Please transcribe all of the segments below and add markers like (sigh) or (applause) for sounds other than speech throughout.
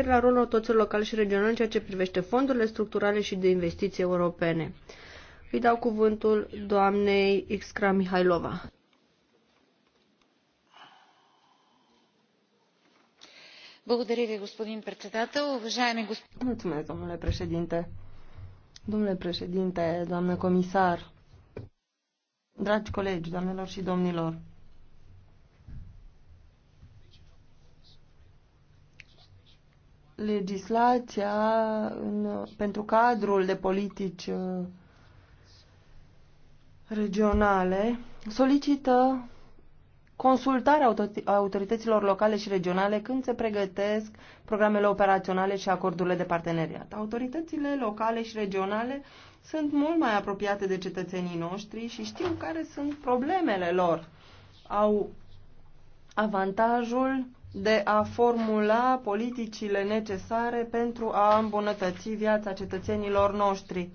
refer la rolul autorităților locale și regionale în ceea ce privește fondurile structurale și de investiții europene. Îi dau cuvântul doamnei Ixcra Mihailova. Mulțumesc, domnule președinte. Domnule președinte, doamnă comisar, dragi colegi, doamnelor și domnilor, legislația în, pentru cadrul de politici uh, regionale solicită consultarea autorităților locale și regionale când se pregătesc programele operaționale și acordurile de parteneriat. Autoritățile locale și regionale sunt mult mai apropiate de cetățenii noștri și știu care sunt problemele lor. Au avantajul de a formula politicile necesare pentru a îmbunătăți viața cetățenilor noștri.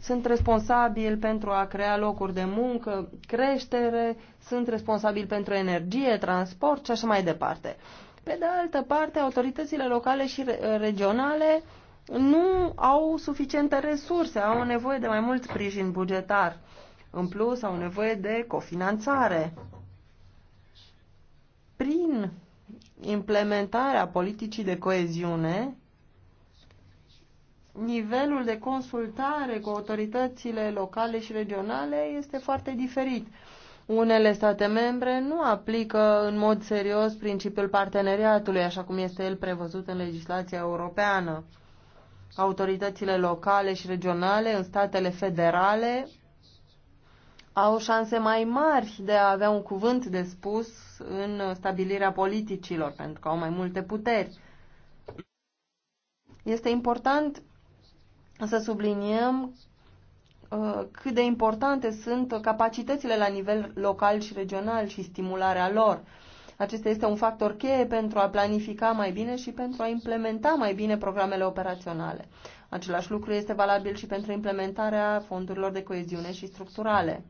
Sunt responsabil pentru a crea locuri de muncă, creștere, sunt responsabil pentru energie, transport și așa mai departe. Pe de altă parte, autoritățile locale și regionale nu au suficiente resurse, au nevoie de mai mult sprijin bugetar. În plus, au nevoie de cofinanțare prin implementarea politicii de coeziune, nivelul de consultare cu autoritățile locale și regionale este foarte diferit. Unele state membre nu aplică în mod serios principiul parteneriatului, așa cum este el prevăzut în legislația europeană. Autoritățile locale și regionale în statele federale au șanse mai mari de a avea un cuvânt de spus în stabilirea politicilor, pentru că au mai multe puteri. Este important să subliniem uh, cât de importante sunt capacitățile la nivel local și regional și stimularea lor. Acesta este un factor cheie pentru a planifica mai bine și pentru a implementa mai bine programele operaționale. Același lucru este valabil și pentru implementarea fondurilor de coeziune și structurale.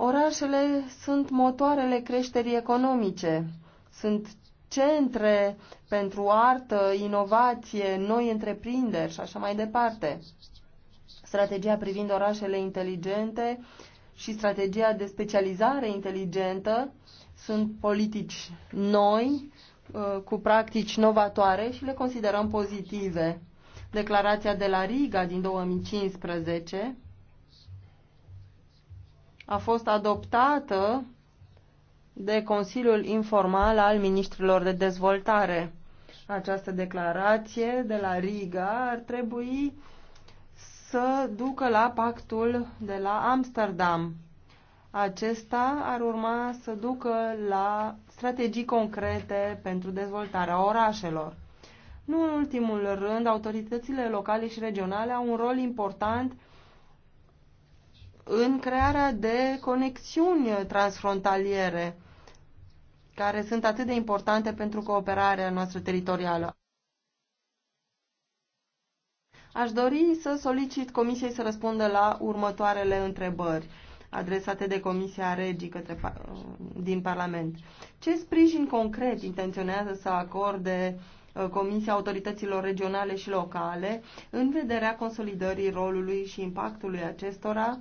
Orașele sunt motoarele creșterii economice, sunt centre pentru artă, inovație, noi întreprinderi și așa mai departe. Strategia privind orașele inteligente și strategia de specializare inteligentă sunt politici noi, uh, cu practici novatoare și le considerăm pozitive. Declarația de la Riga din 2015 a fost adoptată de Consiliul Informal al Ministrilor de Dezvoltare. Această declarație de la Riga ar trebui să ducă la pactul de la Amsterdam. Acesta ar urma să ducă la strategii concrete pentru dezvoltarea orașelor. Nu în ultimul rând, autoritățile locale și regionale au un rol important în crearea de conexiuni transfrontaliere care sunt atât de importante pentru cooperarea noastră teritorială. Aș dori să solicit Comisiei să răspundă la următoarele întrebări adresate de Comisia Regii către, din Parlament. Ce sprijin concret intenționează să acorde uh, Comisia autorităților regionale și locale în vederea consolidării rolului și impactului acestora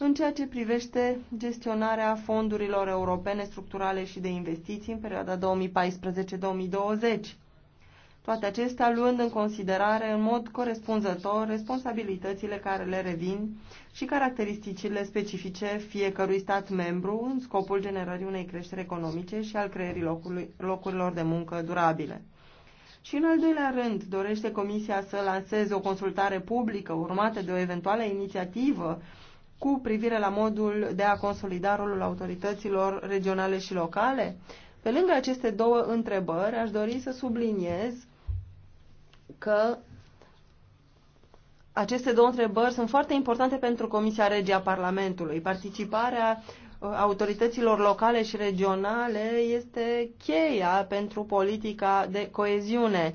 în ceea ce privește gestionarea fondurilor europene structurale și de investiții în perioada 2014-2020. Toate acestea luând în considerare în mod corespunzător responsabilitățile care le revin și caracteristicile specifice fiecărui stat membru în scopul generării unei creșteri economice și al creierii locurilor de muncă durabile. Și în al doilea rând, dorește Comisia să lanseze o consultare publică urmată de o eventuală inițiativă cu privire la modul de a consolida rolul autorităților regionale și locale? Pe lângă aceste două întrebări, aș dori să subliniez că aceste două întrebări sunt foarte importante pentru Comisia Regia a Parlamentului. Participarea uh, autorităților locale și regionale este cheia pentru politica de coeziune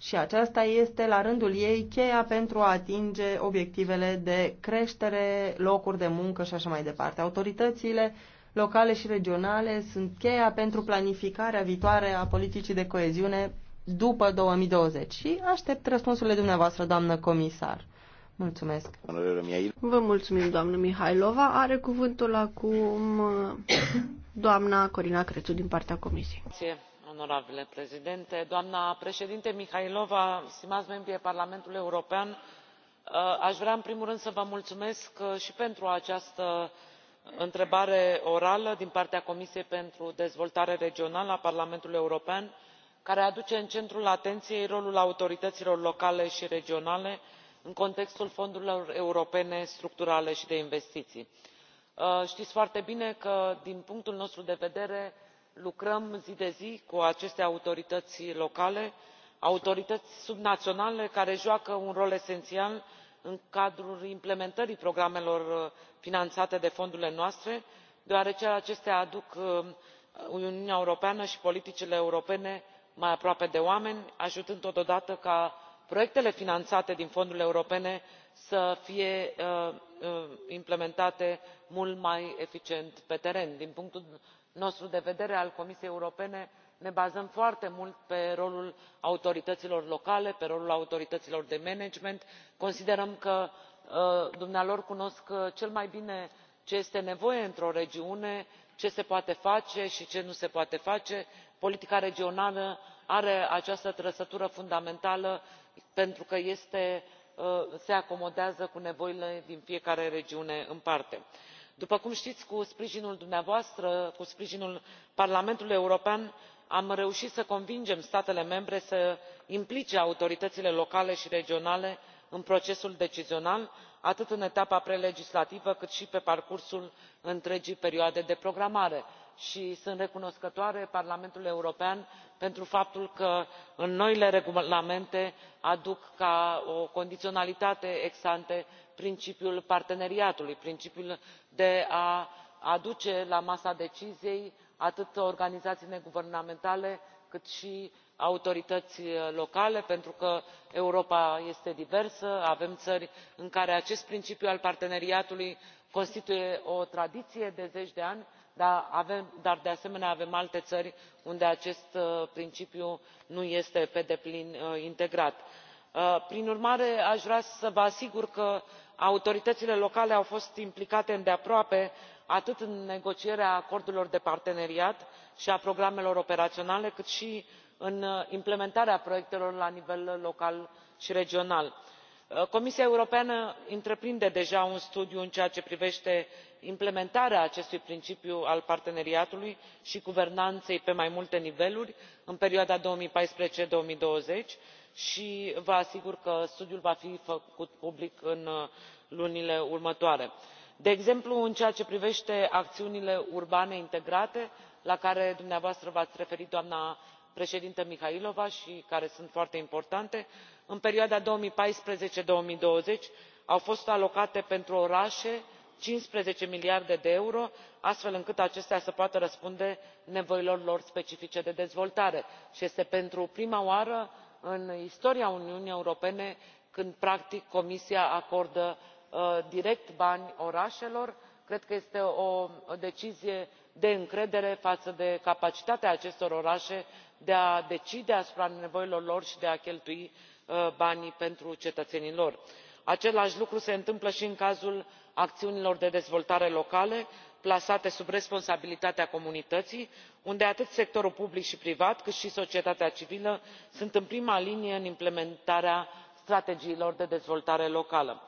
și aceasta este la rândul ei cheia pentru a atinge obiectivele de creștere, locuri de muncă și așa mai departe. Autoritățile locale și regionale sunt cheia pentru planificarea viitoare a politicii de coeziune după 2020 și aștept răspunsurile dumneavoastră, doamnă comisar. Mulțumesc. Vă mulțumim, doamnă Mihailova. Are cuvântul acum (coughs) doamna Corina Crețu din partea comisiei onorabile președinte doamnă președintă mihaylova stimați membri ai parlamentului european uh, aș vrea în primul rând să vă mulțumesc uh, și pentru această întrebare orală din partea comisiei pentru dezvoltare regională a parlamentului european care aduce în centrul atenției rolul autorităților locale și regionale în contextul fondurilor europene structurale și de investiții. Uh, știți foarte bine că din punctul nostru de vedere lucrăm zi de zi cu aceste autorități locale autorități subnaționale care joacă un rol esențial în cadrul implementării programelor uh, finanțate de fondurile noastre deoarece acestea aduc uh, uniunea europeană și politicile europene mai aproape de oameni ajutând totodată ca proiectele finanțate din fondurile europene să fie uh, implementate mult mai eficient pe teren din punctul nostru de vedere al comisiei europene ne bazăm foarte mult pe rolul autorităților locale pe rolul autorităților de management considerăm că uh, dumnealor cunosc cel mai bine ce este nevoie într o regiune ce se poate face și ce nu se poate face politica regională are această trăsătură fundamentală pentru că uh, se acomodează cu nevoile din fiecare regiune în parte după cum știți cu sprijinul dumneavoastră cu sprijinul parlamentului european am reușit să convingem statele membre să implice autoritățile locale și regionale în procesul decizional atât în etapa prelegislativă cât și pe parcursul întregii perioade de programare și sunt recunoscătoare parlamentului european pentru faptul că în noile regulamente aduc ca o condiționalitate ex ante principiul parteneriatului principiul de a aduce la masa deciziei atât organizații neguvernamentale cât și autorități locale pentru că europa este diversă avem țări în care acest principiu al parteneriatului constituie o tradiție de zeci de ani dar de asemenea avem alte țări unde acest uh, principiu nu este pe deplin uh, integrat. Uh, prin urmare aș vrea să vă asigur că autoritățile locale au fost implicate îndeaproape atât în negocierea acordurilor de parteneriat și a programelor operaționale cât și în uh, implementarea proiectelor la nivel local și regional. Uh, comisia europeană întreprinde deja un studiu în ceea ce privește implementarea acestui principiu al parteneriatului și guvernanței pe mai multe niveluri în perioada două mii paisprezece două mii douăzeci și și vă asigur că studiul va fi făcut public în uh, lunile următoare de exemplu în ceea ce privește acțiunile urbane integrate la care dumneavoastră v ați referit doamnă președintă mihaylova și care sunt foarte importante în perioada două mii paisprezece două mii douăzeci au fost alocate pentru orașe cincisprezece miliarde de euro astfel încât acestea să poată răspunde nevoilor lor specifice de dezvoltare și este pentru prima oară în istoria uniunii europene când practic comisia acordă uh, direct bani orașelor cred că este o decizie de încredere față de capacitatea acestor orașe de a decide asupra nevoilor lor și de a cheltui uh, banii pentru cetățenii lor. același lucru se întâmplă și în cazul acțiunilor de dezvoltare locală plasate sub responsabilitatea comunității unde atât sectorul public și privat cât și societatea civilă sunt în prima linie în implementarea strategiilor de dezvoltare locală.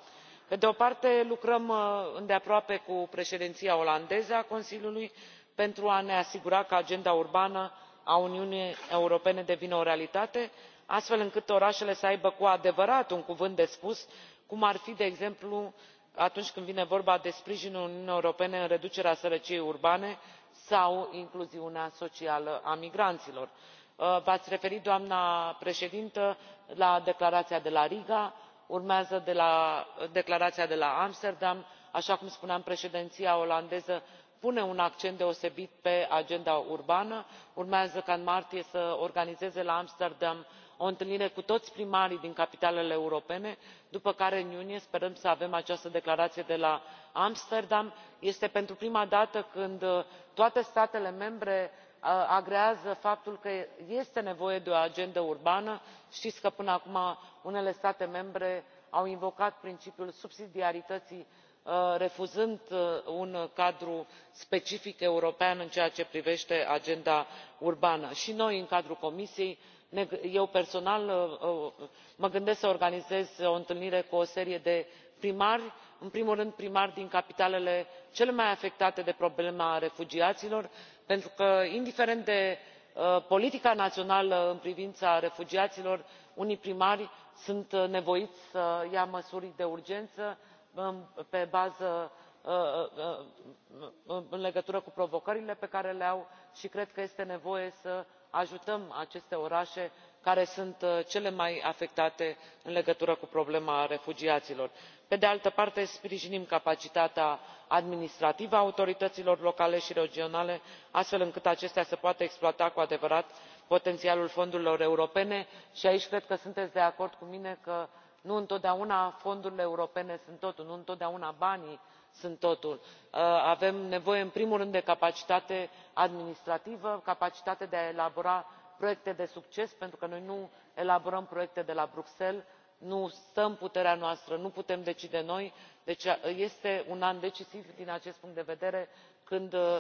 pe de o parte lucrăm uh, îndeaproape cu președinția olandeză a consiliului pentru a ne asigura că agenda urbană a uniunii europene devine o realitate astfel încât orașele să aibă cu adevărat un cuvânt de spus cum ar fi de exemplu atunci când vine vorba de sprijinul uniunii europene în reducerea sărăciei urbane sau incluziunea socială a migranților. Uh, v ați referit doamnă președintă la declarația de la riga urmează declarația de la amsterdam așa cum spuneam președinția olandeză pune un accent deosebit pe agenda urbană urmează ca în martie să organizeze la amsterdam o întâlnire cu toți primarii din capitalele europene după care în iunie sperăm să avem această declarație de la amsterdam este pentru prima dată când uh, toate statele membre uh, agrează faptul că este nevoie de o agendă urbană știți că până acum unele state membre au invocat principiul subsidiarității Uh, refuzând uh, un cadru specific european în ceea ce privește agenda urbană și noi în cadrul comisiei eu personal uh, mă gândesc să organizez o întâlnire cu o serie de primari în primul rând primari din capitalele cele mai afectate de problema refugiaților pentru că indiferent de politica națională în privința refugiaților unii primari sunt nevoiți să ia măsuri de urgență Ă, ă, ă, în legătură cu provocările pe care le au și cred că este nevoie să ajutăm aceste orașe care sunt cele mai afectate în legătură cu problema refugiaților. pe de altă parte sprijinim capacitatea administrativă a autorităților locale și regionale astfel încât acestea să poată exploata cu adevărat potențialul fondurilor europene și aici cred că sunteți de acord cu mine că nu întotdeauna fondurile europene sunt totul nu întotdeauna banii sunt totul. Uh, avem nevoie în primul rând de capacitate administrativă capacitate de a elabora proiecte de succes pentru că noi nu elaborăm proiecte de la bruxelles nu stă în puterea noastră nu putem decide noi deci uh, este un an decisiv din acest punct de vedere când uh,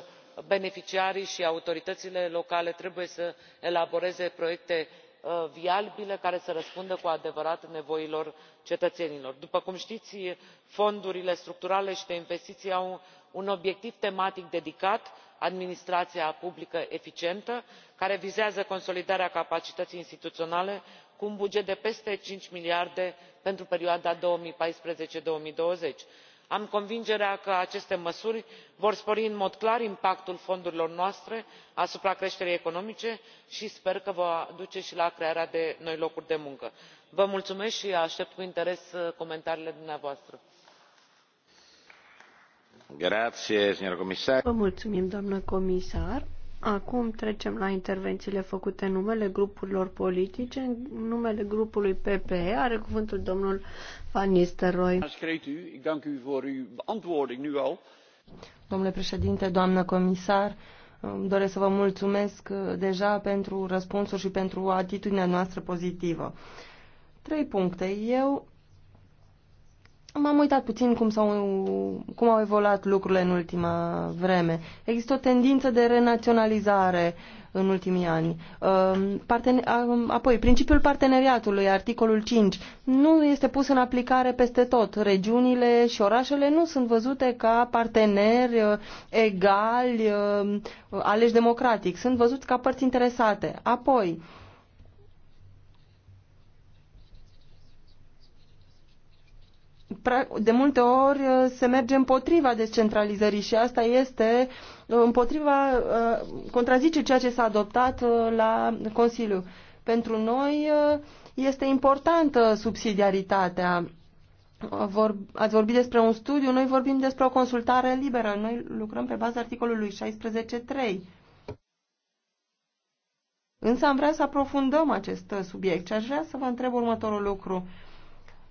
beneficiarii și autoritățile locale trebuie să elaboreze proiecte Uh, viabile care să răspundă cu adevărat nevoilor cetățenilor. după cum știți fondurile structurale și de investiții au un obiectiv tematic dedicat administrația publică eficientă care vizează consolidarea capacității instituționale cu un buget de peste cinci miliarde pentru perioada două mii paisprezece două mii douăzeci am convingerea că aceste măsuri vor spori în mod clar impactul fondurilor noastre asupra creșterii economice și sper că va duce și la crearea de noi locuri de muncă. vă mulțumesc și aștept cu interes uh, comentariile dumneavoastră. vă mulțumim doamnă comisar. Acum trecem la intervențiile făcute în numele grupurilor politice. În numele grupului PPE are cuvântul domnul Van Nistelrooy. Domnule președinte, doamnă comisar, doresc să vă mulțumesc uh, deja pentru răspunsuri și pentru atitudinea noastră pozitivă. Trei puncte. Eu M-am uitat puțin cum, s-au, cum au evoluat lucrurile în ultima vreme. Există o tendință de renaționalizare în ultimii ani. Um, um, apoi, principiul parteneriatului, articolul 5, nu este pus în aplicare peste tot. Regiunile și orașele nu sunt văzute ca parteneri uh, egali, uh, aleși democratic. Sunt văzuți ca părți interesate. Apoi, de multe ori uh, se merge împotriva descentralizării și asta este uh, împotriva, uh, contrazice ceea ce s-a adoptat la Consiliu. Pentru noi este importantă subsidiaritatea. ați vorbit despre un studiu, noi vorbim despre o consultare liberă. Noi lucrăm pe baza articolului 16.3. Însă am vrea să aprofundăm acest subiect și aș vrea să vă întreb următorul lucru.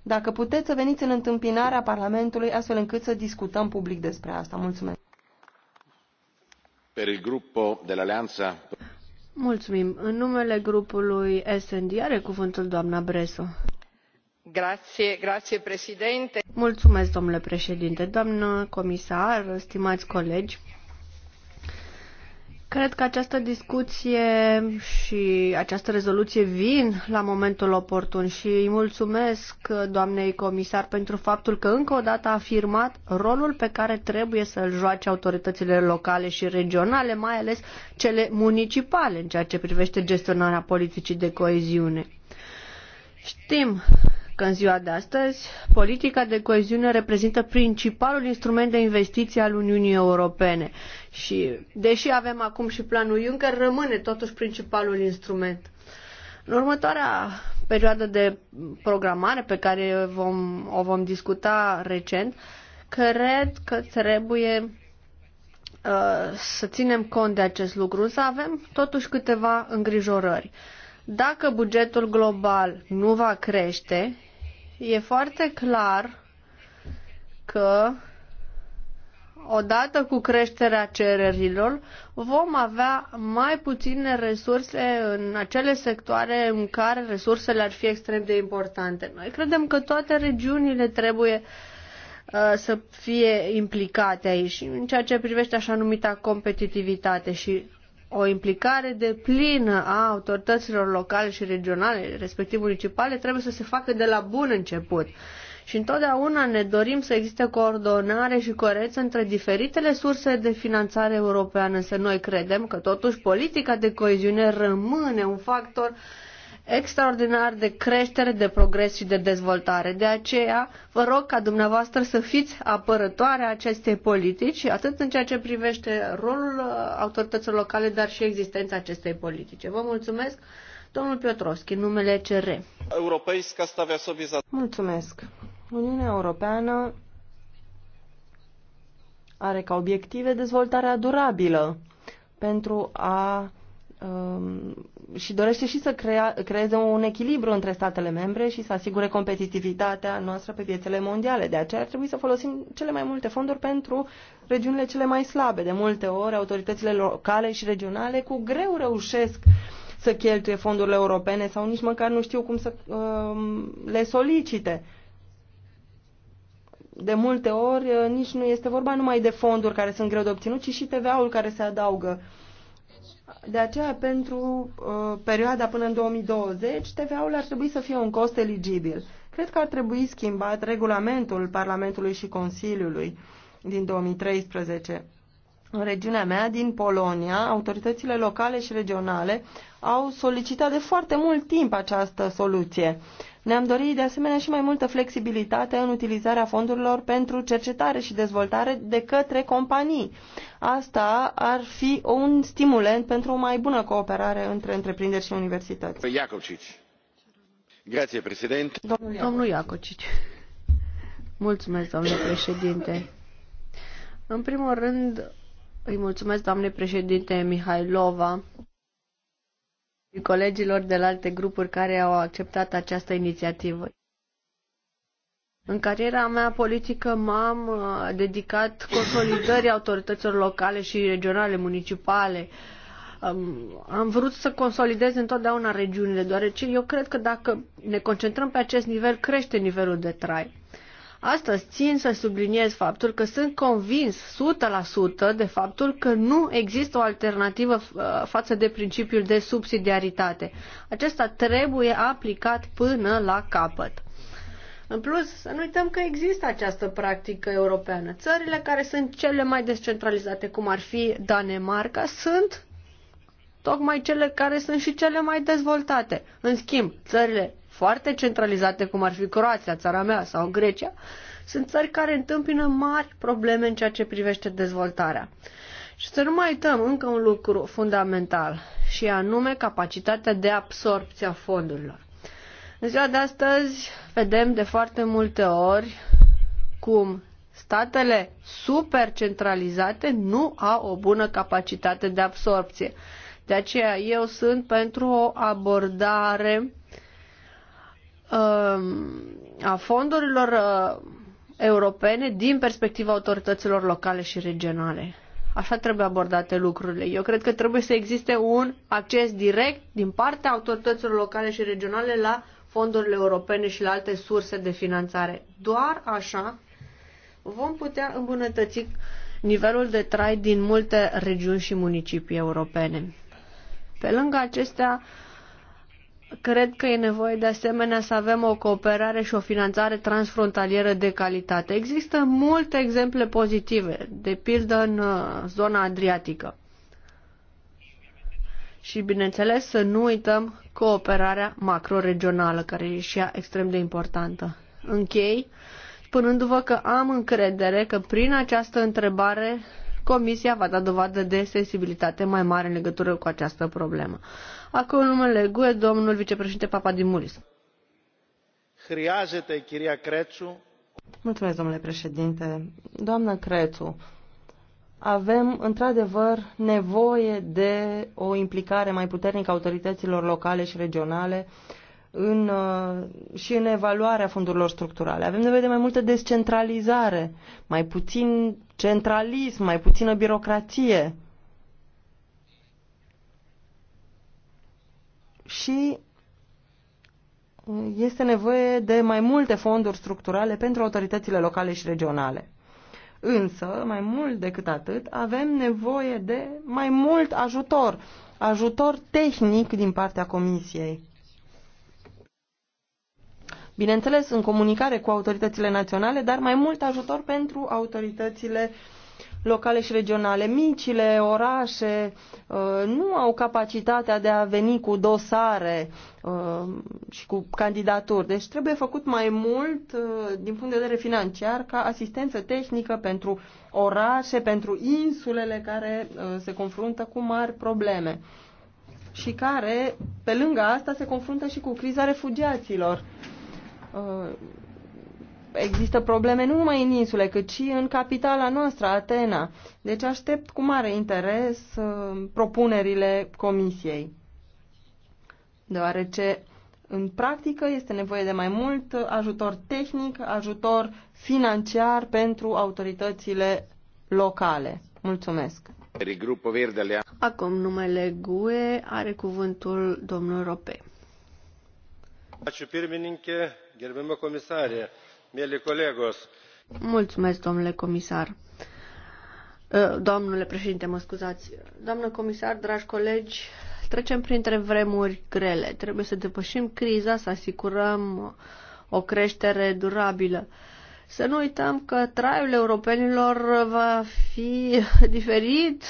Dacă puteți să veniți în întâmpinarea Parlamentului astfel încât să discutăm public despre asta. Mulțumesc. Per il gruppo dell'Alleanza Mulțumim. În numele grupului SND are cuvântul doamna Bresu. Grazie, grazie, președinte. Mulțumesc, domnule președinte, doamnă comisar, stimați colegi Cred că această discuție și această rezoluție vin la momentul oportun și îi mulțumesc doamnei comisar pentru faptul că încă o dată a afirmat rolul pe care trebuie să-l joace autoritățile locale și regionale, mai ales cele municipale în ceea ce privește gestionarea politicii de coeziune. Știm că în ziua de astăzi politica de coeziune reprezintă principalul instrument de investiție al Uniunii Europene și deși avem acum și planul Juncker, rămâne totuși principalul instrument. În următoarea perioadă de programare pe care vom, o vom discuta recent, cred că trebuie uh, să ținem cont de acest lucru, să avem totuși câteva îngrijorări. Dacă bugetul global nu va crește, e foarte clar că odată cu creșterea cererilor, vom avea mai puține resurse în acele sectoare în care resursele ar fi extrem de importante. Noi credem că toate regiunile trebuie uh, să fie implicate aici în ceea ce privește așa numita competitivitate și o implicare de plină a autorităților locale și regionale, respectiv municipale, trebuie să se facă de la bun început. Și întotdeauna ne dorim să existe coordonare și coreță între diferitele surse de finanțare europeană, însă noi credem că totuși politica de coeziune rămâne un factor uh, extraordinar de creștere, de progres și de dezvoltare. De aceea, vă rog ca dumneavoastră să fiți apărătoarea acestei politici, atât în ceea ce privește rolul uh, autorităților locale, dar și existența acestei politice. Vă mulțumesc, domnul Piotrowski, numele CR. Mulțumesc. Uniunea Europeană are ca obiective dezvoltarea durabilă pentru a Um, și dorește și să crea, creeze un echilibru între statele membre și să asigure competitivitatea noastră pe piețele mondiale. De aceea ar trebui să folosim cele mai multe fonduri pentru regiunile cele mai slabe. De multe ori, autoritățile locale și regionale cu greu reușesc să cheltuie fondurile europene sau nici măcar nu știu cum să uh, le solicite de multe ori uh, nici nu este vorba numai de fonduri care sunt greu de obținut, ci și TVA-ul care se adaugă. De aceea, pentru uh, perioada până în 2020, TVA-ul ar trebui să fie un cost eligibil. Cred că ar trebui schimbat regulamentul Parlamentului și Consiliului din 2013. În regiunea mea, din Polonia, autoritățile locale și regionale au solicitat de foarte mult timp această soluție. Ne-am dorit de asemenea și mai multă flexibilitate în utilizarea fondurilor pentru cercetare și dezvoltare de către companii. Asta ar fi un stimulent pentru o mai bună cooperare între întreprinderi și universități. președinte. Domnul Iacocici. Mulțumesc, domnule președinte. În primul rând, îi mulțumesc doamne președinte Mihailova colegilor de la alte grupuri care au acceptat această inițiativă. În cariera mea politică m-am uh, dedicat consolidării autorităților locale și regionale, municipale. Um, am vrut să consolidez întotdeauna regiunile, deoarece eu cred că dacă ne concentrăm pe acest nivel, crește nivelul de trai. Astăzi țin să subliniez faptul că sunt convins 100% de faptul că nu există o alternativă uh, față de principiul de subsidiaritate. Acesta trebuie aplicat până la capăt. În plus, să nu uităm că există această practică europeană. Țările care sunt cele mai descentralizate, cum ar fi Danemarca, sunt tocmai cele care sunt și cele mai dezvoltate. În schimb, țările foarte centralizate, cum ar fi Croația, țara mea sau Grecia, sunt țări care întâmpină mari probleme în ceea ce privește dezvoltarea. Și să nu mai uităm încă un lucru fundamental, și anume capacitatea de absorpție a fondurilor. În ziua de astăzi vedem de foarte multe ori cum statele supercentralizate nu au o bună capacitate de absorpție. De aceea eu sunt pentru o abordare Um, a fondurilor uh, europene din perspectiva autorităților locale și regionale. Așa trebuie abordate lucrurile. Eu cred că trebuie să existe un acces direct din partea autorităților locale și regionale la fondurile europene și la alte surse de finanțare. Doar așa vom putea îmbunătăți nivelul de trai din multe regiuni și municipii europene. Pe lângă acestea, Cred că e nevoie de asemenea să avem o cooperare și o finanțare transfrontalieră de calitate. Există multe exemple pozitive, de pildă în uh, zona adriatică. Și, bineînțeles, să nu uităm cooperarea macroregională, care e și ea extrem de importantă. Închei spunându-vă că am încredere că prin această întrebare Comisia va da dovadă de sensibilitate mai mare în legătură cu această problemă. Acum numele GUE, domnul vicepreședinte Papadimulis. Hriazete, chiria Crețu. Mulțumesc, domnule președinte. Doamnă Crețu, avem într-adevăr nevoie de o implicare mai puternică a autorităților locale și regionale în, uh, și în evaluarea fondurilor structurale. Avem nevoie de mai multă descentralizare, mai puțin centralism, mai puțină birocrație. și uh, este nevoie de mai multe fonduri structurale pentru autoritățile locale și regionale. Însă, mai mult decât atât, avem nevoie de mai mult ajutor, ajutor tehnic din partea Comisiei. Bineînțeles, în comunicare cu autoritățile naționale, dar mai mult ajutor pentru autoritățile uh, locale și regionale. Micile orașe uh, nu au capacitatea de a veni cu dosare uh, și cu candidaturi. Deci trebuie făcut mai mult uh, din punct de vedere financiar ca asistență tehnică pentru orașe, pentru insulele care se confruntă cu mari probleme și care, pe lângă asta, se confruntă și cu criza refugiaților există probleme nu numai în insule, cât și în capitala noastră, Atena. Deci aștept cu mare interes uh, propunerile comisiei, deoarece în practică este nevoie de mai mult ajutor tehnic, ajutor financiar pentru autoritățile locale. Mulțumesc! Acum numele GUE are cuvântul domnul Rope. Ačiū pirmininkė, domnule Comisar. Mulțumesc, domnule comisar. Ă, domnule președinte, mă scuzați. Doamnă comisar, dragi colegi, trecem printre vremuri grele. Trebuie să depășim criza, să asigurăm o creștere durabilă. Să nu uităm că traiul europenilor va fi diferit,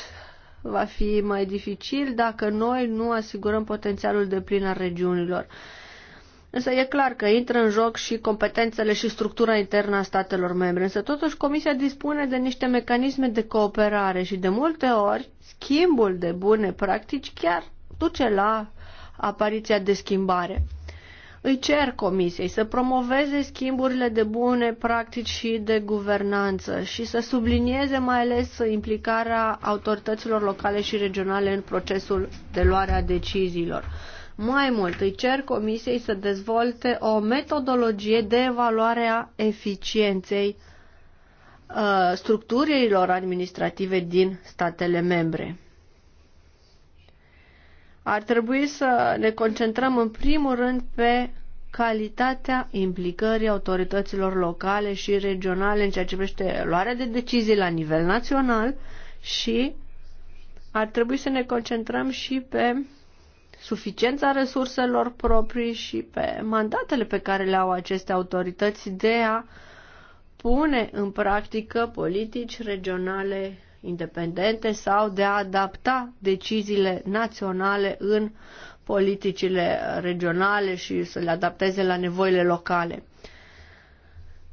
va fi mai dificil dacă noi nu asigurăm potențialul de plin al regiunilor. Însă e clar că intră în joc și competențele și structura internă a statelor membre. Însă totuși Comisia dispune de niște mecanisme de cooperare și de multe ori schimbul de bune practici chiar duce la apariția de schimbare. Îi cer Comisiei să promoveze schimburile de bune practici și de guvernanță și să sublinieze mai ales implicarea autorităților locale și regionale în procesul de luare a deciziilor mai mult, îi cer Comisiei să dezvolte o metodologie de evaluare a eficienței uh, structurilor administrative din statele membre. Ar trebui să ne concentrăm în primul rând pe calitatea implicării autorităților locale și regionale în ceea ce privește luarea de decizii la nivel național și ar trebui să ne concentrăm și pe suficiența resurselor proprii și pe mandatele pe care le au aceste autorități de a pune în practică politici regionale independente sau de a adapta deciziile naționale în politicile regionale și să le adapteze la nevoile locale.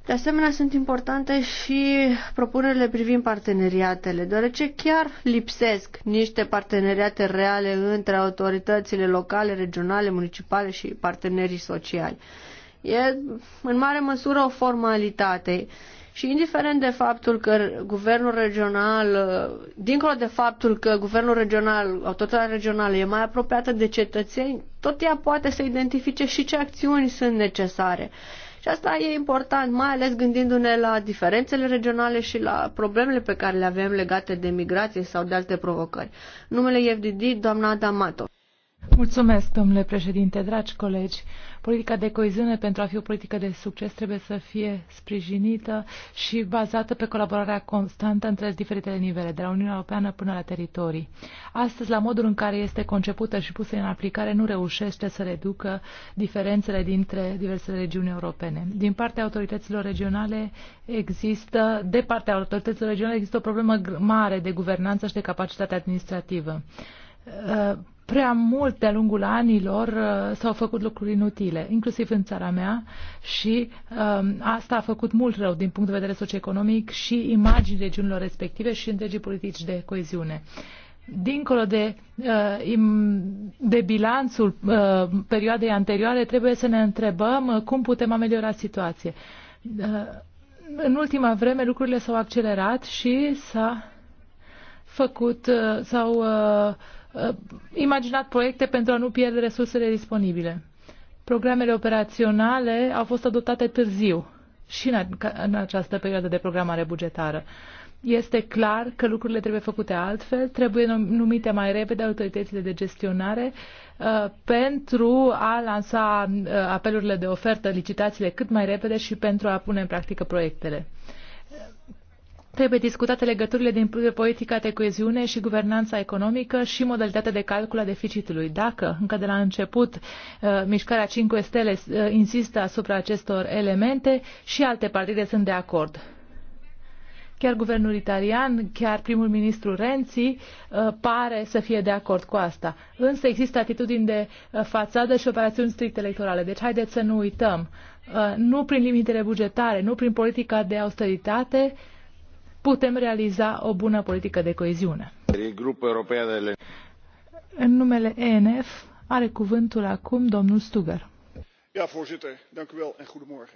De asemenea, sunt importante și propunerile privind parteneriatele, deoarece chiar lipsesc niște parteneriate reale între autoritățile locale, regionale, municipale și partenerii sociali. E în mare măsură o formalitate. Și indiferent de faptul că guvernul regional, dincolo de faptul că guvernul regional, autoritatea regională e mai apropiată de cetățeni, tot ea poate să identifice și ce acțiuni sunt necesare. Uh, și asta e important, mai ales gândindu-ne la diferențele regionale și la problemele pe care le avem legate de migrație sau de alte provocări. Numele FDD, doamna Adamato. Mulțumesc, domnule președinte, dragi colegi. Politica de coeziune, pentru a fi o politică de succes, trebuie să fie sprijinită și bazată pe colaborarea constantă între diferitele nivele, de la Uniunea Europeană până la teritorii. Astăzi, la modul în care este concepută și pusă în aplicare, nu reușește să reducă diferențele dintre diversele regiuni europene. Din partea autorităților regionale există, de partea autorităților regionale există o problemă mare de guvernanță și de capacitate administrativă uh, prea mult de-a lungul anilor uh, s-au făcut lucruri inutile, inclusiv în țara mea și um, asta a făcut mult rău din punct de vedere socioeconomic și imagini regiunilor respective și întregii politici de coeziune. Dincolo de, uh, de bilanțul uh, perioadei anterioare, trebuie să ne întrebăm cum putem ameliora situație. În ultima vreme lucrurile s-au accelerat și s-a făcut, s-au uh, Uh, imaginat proiecte pentru a nu pierde resursele disponibile. Programele operaționale au fost adoptate târziu și în, în această perioadă de programare bugetară. Este clar că lucrurile trebuie făcute altfel, trebuie numite mai repede autoritățile de gestionare uh, pentru a lansa uh, apelurile de ofertă, licitațiile cât mai repede și pentru a pune în practică proiectele. Trebuie discutate legăturile din politica de coeziune și guvernanța economică și modalitatea de calcul a deficitului. Dacă încă de la început uh, mișcarea 5 stele uh, insistă asupra acestor elemente și alte partide sunt de acord. Chiar guvernul italian, chiar primul ministru Renzi uh, pare să fie de acord cu asta. Însă există atitudini de fațadă și operațiuni strict electorale. Deci haideți să nu uităm. Nu prin limitele bugetare, nu prin politica de austeritate, putem realiza o bună politică de coeziune. În numele ENF are cuvântul acum domnul Stuger. Ja, voorzitter, dank u wel en goedemorgen.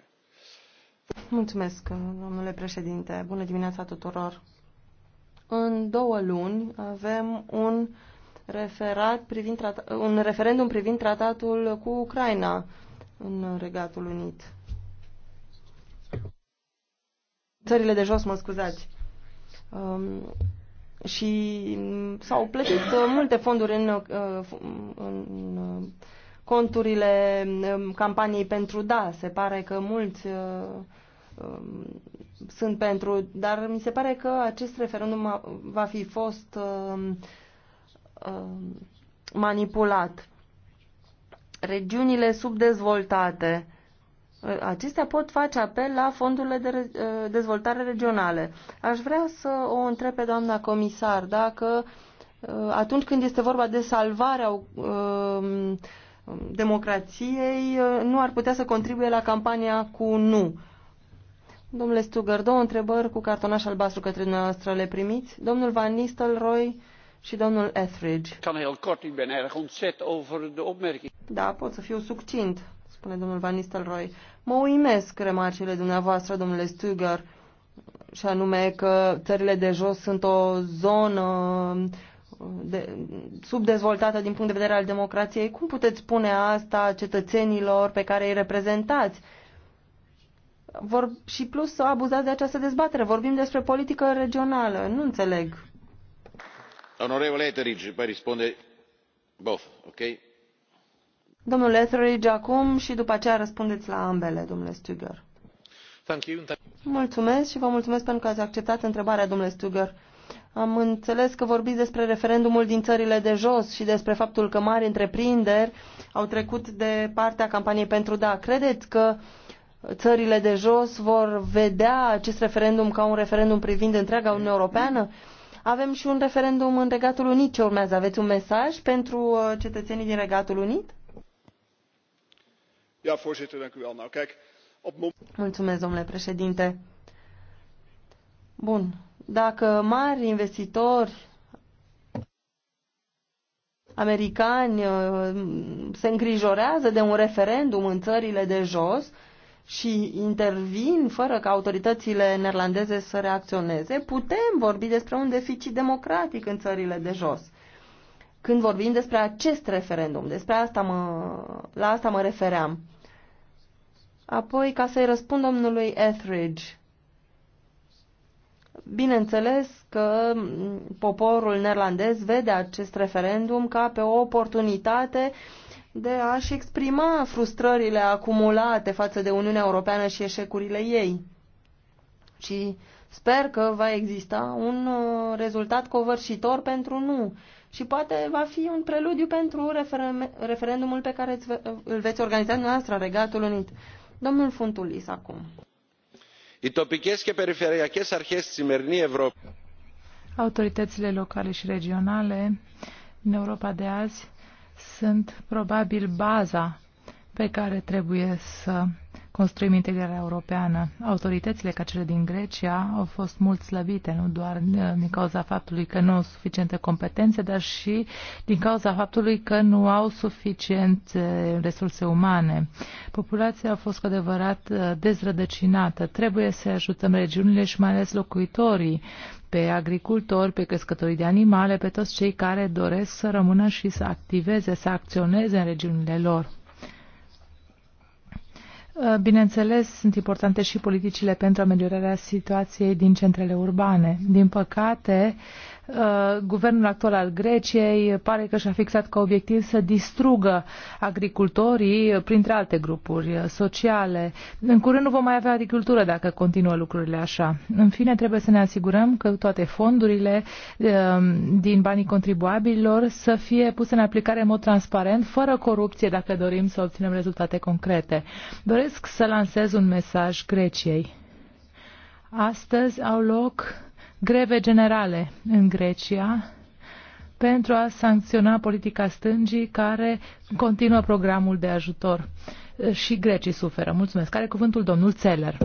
Mulțumesc, domnule președinte. Bună dimineața tuturor. În două luni avem un, referat privind un referendum privind tratatul cu Ucraina în Regatul Unit. Țările de jos, mă scuzați. Um, și s-au plătit uh, multe fonduri în, uh, în uh, conturile um, campaniei pentru da. Se pare că mulți um, sunt pentru, dar mi se pare că acest referendum va fi fost um, manipulat. Regiunile subdezvoltate acestea pot face apel la fondurile de eh, dezvoltare regionale. Aș vrea să o întreb pe doamna comisar dacă eh, atunci când este vorba de salvarea eh, democrației, nu ar putea să contribuie la campania cu nu. Domnule Stugăr, două întrebări cu cartonaș albastru către dumneavoastră le primiți. Domnul Van Nistelrooy și domnul Etheridge. Da, pot să fiu succint spune domnul Van Nistelrooy. Mă uimesc remarcile dumneavoastră, domnule Stüger, și anume că țările de jos sunt o zonă uh, de, subdezvoltată din punct de vedere al democrației. Cum puteți spune asta cetățenilor pe care îi reprezentați? Vor, și plus să abuzați de această dezbatere. Vorbim despre politică regională. Nu înțeleg. Onorevole Eteridge, vă răspunde Bof, ok? Domnul Etheridge, acum și după aceea răspundeți la ambele, domnule Stugger. Mulțumesc și vă mulțumesc pentru că ați acceptat întrebarea, domnule Stuger. Am înțeles că vorbiți despre referendumul din țările de jos și despre faptul că mari întreprinderi au trecut de partea campaniei pentru da. Credeți că țările de jos vor vedea acest referendum ca un referendum privind întreaga Uniune Europeană? Avem și un referendum în Regatul Unit ce urmează. Aveți un mesaj pentru uh, cetățenii din Regatul Unit? Mulțumesc, domnule președinte. Bun. Dacă mari investitori americani uh, se îngrijorează de un referendum în țările de jos și intervin fără ca autoritățile neerlandeze să reacționeze, putem vorbi despre un deficit democratic în țările de jos când vorbim despre acest referendum. Despre asta mă, la asta mă refeream. Apoi, ca să-i răspund domnului Etheridge, bineînțeles că poporul neerlandez vede acest referendum ca pe o oportunitate de a-și exprima frustrările acumulate față de Uniunea Europeană și eșecurile ei. Și sper că va exista un uh, rezultat covârșitor pentru nu și poate va fi un preludiu pentru referendumul pe care îl veți organiza noastră, Regatul Unit. Domnul Funtulis, acum. Autoritățile locale și regionale în Europa de azi sunt probabil baza pe care trebuie să construim integrarea europeană. Autoritățile ca cele din Grecia au fost mult slăbite, nu doar uh, din cauza faptului că nu au suficiente competențe, dar și din cauza faptului că nu au suficiente resurse umane. Populația a fost cu adevărat uh, dezrădăcinată. Trebuie să ajutăm regiunile și mai ales locuitorii pe agricultori, pe crescătorii de animale, pe toți cei care doresc să rămână și să activeze, să acționeze în regiunile lor. Uh, bineînțeles, sunt importante și politicile pentru ameliorarea situației din centrele urbane. Din păcate, Uh, guvernul actual al Greciei pare că și-a fixat ca obiectiv să distrugă agricultorii uh, printre alte grupuri uh, sociale. În curând nu vom mai avea agricultură dacă continuă lucrurile așa. În fine, trebuie să ne asigurăm că toate fondurile din banii contribuabililor să fie puse în aplicare în mod transparent, fără corupție, dacă dorim să obținem rezultate concrete. Doresc să lansez un mesaj Greciei. Astăzi au loc greve generale în Grecia pentru a sancționa politica stângii care continuă programul de ajutor și grecii suferă. Mulțumesc. care cuvântul domnul Țeler.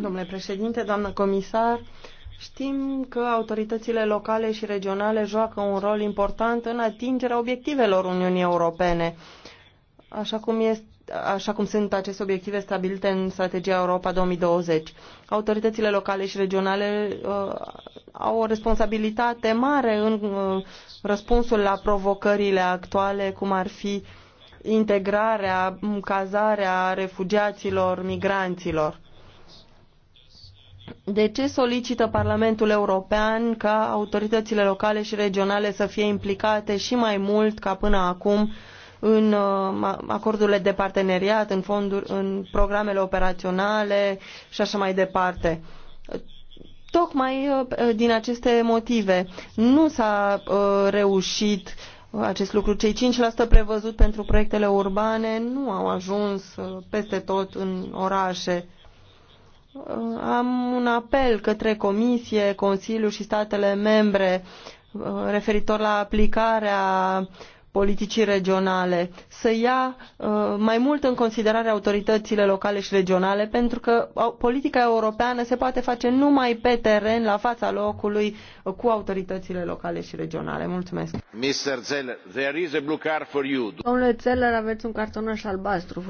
Domnule președinte, doamnă comisar, Știm că autoritățile locale și regionale joacă un rol important în atingerea obiectivelor Uniunii Europene, așa cum este așa cum sunt aceste obiective stabilite în strategia Europa 2020. Autoritățile locale și regionale uh, au o responsabilitate mare în uh, răspunsul la provocările actuale, cum ar fi integrarea, cazarea refugiaților, migranților. De ce solicită Parlamentul European ca autoritățile locale și regionale să fie implicate și mai mult ca până acum uh, în uh, acordurile de parteneriat, în fonduri, în programele operaționale și așa mai departe. Tocmai uh, din aceste motive nu s-a uh, reușit acest lucru. Cei 5% prevăzut pentru proiectele urbane nu au ajuns peste tot în orașe. Am un apel către Comisie, Consiliu și statele membre referitor la aplicarea politicii regionale, să ia uh, mai mult în considerare autoritățile locale și regionale, pentru că politica europeană se poate face numai pe teren, la fața locului, uh, cu autoritățile locale și regionale. Mulțumesc. Mr. Zeller, there is a blue card for you. Domnule Zeller, aveți un cartonaș albastru.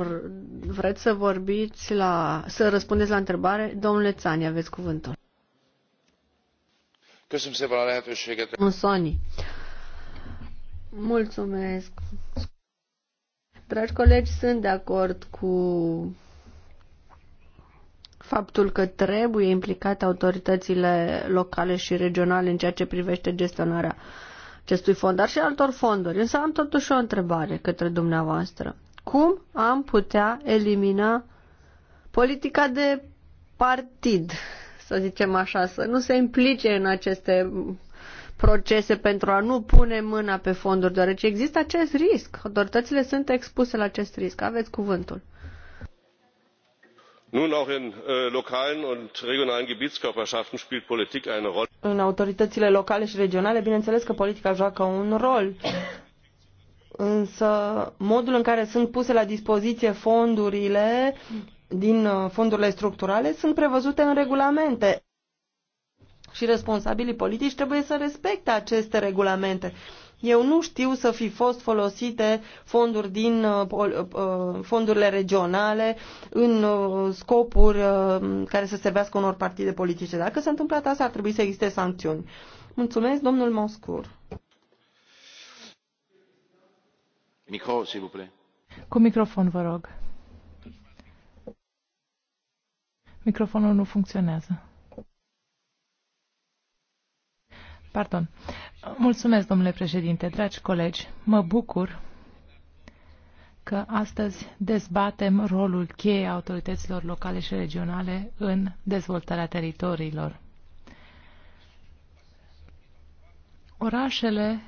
Vreți să vorbiți la... să răspundeți la întrebare? Domnule Țani, aveți cuvântul. Köszönöm szépen a lehetőséget. Sony. Mulțumesc. Dragi colegi, sunt de acord cu faptul că trebuie implicate autoritățile locale și regionale în ceea ce privește gestionarea acestui fond, dar și altor fonduri. Însă am totuși o întrebare către dumneavoastră. Cum am putea elimina politica de partid, să zicem așa, să nu se implice în aceste procese pentru a nu pune mâna pe fonduri, deoarece există acest risc. Autoritățile sunt expuse la acest risc. Aveți cuvântul. Nun auch in äh, lokalen und regionalen Gebietskörperschaften spielt Politik eine Rolle. În autoritățile locale și regionale, bineînțeles că politica joacă un rol. Însă modul în care sunt puse la dispoziție fondurile din uh, fondurile structurale sunt prevăzute în regulamente și responsabilii politici trebuie să respecte aceste regulamente. Eu nu știu să fi fost folosite fonduri din uh, uh, uh, fondurile regionale în scopuri care să servească unor partide politice. Dacă s-a întâmplat asta, ar trebui să existe sancțiuni. Mulțumesc, domnul Moscur. Micro, Cu microfon, vă rog. Microfonul nu funcționează. Pardon. Mulțumesc, domnule președinte, dragi colegi. Mă bucur că astăzi dezbatem rolul cheie a autorităților locale și regionale în dezvoltarea teritoriilor. Orașele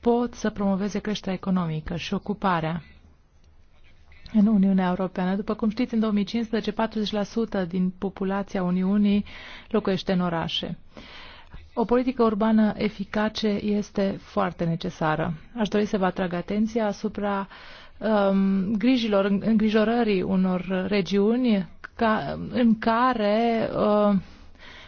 pot să promoveze creșterea economică și ocuparea în Uniunea Europeană. După cum știți, în 2015, 40% din populația Uniunii locuiește în orașe. O politică urbană eficace este foarte necesară. Aș dori să vă atrag atenția asupra um, grijilor, îngrijorării unor regiuni ca, în care uh,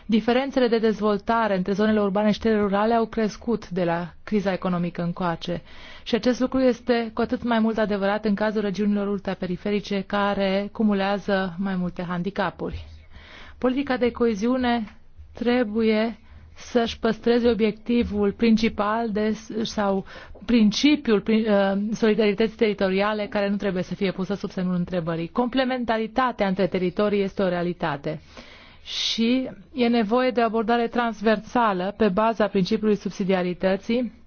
diferențele de dezvoltare între zonele urbane și cele rurale au crescut de la criza economică încoace. Și acest lucru este cu atât mai mult adevărat în cazul regiunilor ultraperiferice care cumulează mai multe handicapuri. Politica de coeziune trebuie să-și păstreze obiectivul principal de, sau principiul uh, solidarității teritoriale care nu trebuie să fie pusă sub semnul întrebării. Complementaritatea între teritorii este o realitate și e nevoie de o abordare transversală pe baza principiului subsidiarității